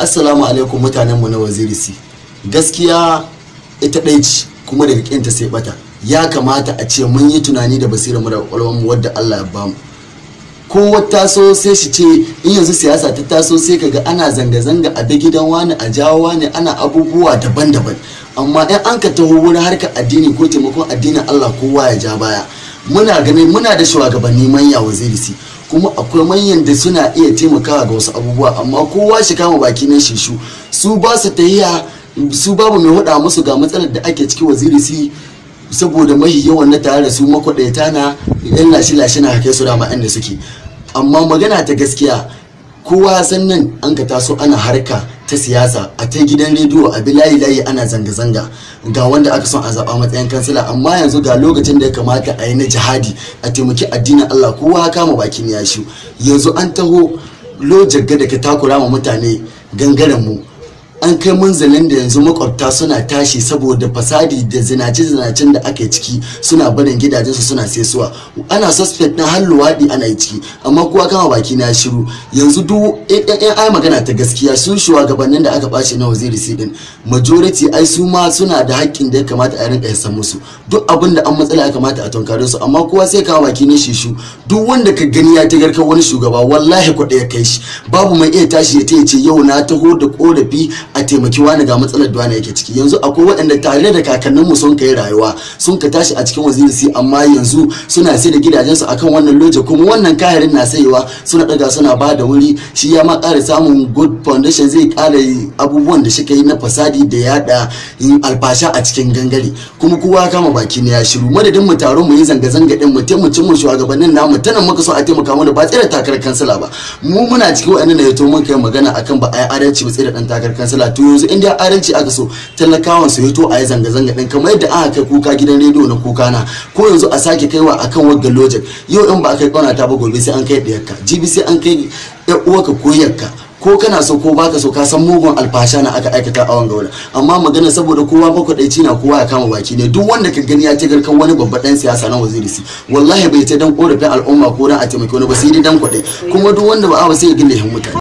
assalamu alaikum mu na waziri si gaskiya ita ɗai ce kuma daga kinta sai bata ya kamata a ce mun yi tunani da basira mu da mu wadda Allah ya bamu ko taso sai shi ce in yanzu siyasa ta taso sai kaga ana zanga-zanga a da gidan wani a jawo wani ana abubuwa daban-daban amma in an ka taho wurin harkar addini ko taimakon addinin Allah kowa ya ja baya muna ganin muna da shugabanni manya wazirisi kuma akwai manyan da suna iya taimakawa ga wasu abubuwa amma kowa shi kama baki na shishu su ba su tahiya su babu mai hada musu ga matsalar da ake ciki waziri si saboda mahi yawan na tare da su makwaɗaita na yan lashe-lashe na hake su dama da suke amma magana ta gaskiya kowa san nan an ka taso ana harka ta siyasa a ta gidan rediyo a bi layi layi ana zanga-zanga ga wanda aka son a zaba matsayin kansila amma yanzu ga lokacin da ya kamata a yi na jihadi a taimaki addinin Allah kowa kama bakin yashi yanzu an taho lojagga da ka takura ma mutane gangaren mu an kai munzalin da yanzu makwabta suna tashi saboda fasadi da zinace-zinacen da aka ciki suna barin gidajensu suna saisuwa ana suspect na har luwaɗi ana yi ciki amma kowa kama baki na shiru yanzu duk yan ai magana ta gaskiya sun gabanin da aka bashi na waziri sai din majority ai su ma suna da haƙƙin da ya kamata a rinka yasan musu duk abin da an matsala ya kamata a tunkare su amma kowa sai kama baki ne shishu duk wanda ka gani ya tagarkar wani shugaba wallahi kuɗi ya kai shi babu mai iya tashi ya ce yau na taho da ƙorafi a taimaki wani ga matsalar duwana yake ciki yanzu akwai waɗanda tare da kakannin mu sun kai rayuwa sun ka tashi a cikin wazirin amma yanzu suna sai da gidajensu akan wannan loje kuma wannan kayarin na sayewa suna daga suna ba da wuri shi ya ma ƙara samun good foundation zai ƙara abubuwan da suka yi na fasadi da yada alfasha a cikin gangare kuma kowa kama baki ne ya shiru madadin mu taron mu yi zanga-zanga din mu taimakin mu shugabannin namu tana muka so a taimaka mana ba tsira takarar kansila ba mu muna cikin waɗannan da ya to mun kai magana akan ba a yi adalci ba tsira dan takarar kansala talatin yanzu dai aranci aka so talakawan su hito a yi zanga-zanga din kamar yadda aka kai kuka gidan rediyo na kuka na ko yanzu a sake kaiwa akan wagga logic yau in ba a kai kwana ta ba gobe sai an kai ɗiyarka gbc an kai uwaka ko yakka ko kana so ko baka so ka san mugun alfasha na aka aikata a wanga wani amma magana saboda kowa bakwadaici na kowa ya kama baki ne duk wanda ka gani ya ce garkan wani babban dan siyasa na waziri si wallahi bai ce dan korafin al'umma ko dan a taimaki wani ba sai dan kwadai kuma duk wanda ba a ba sai ya gina mutane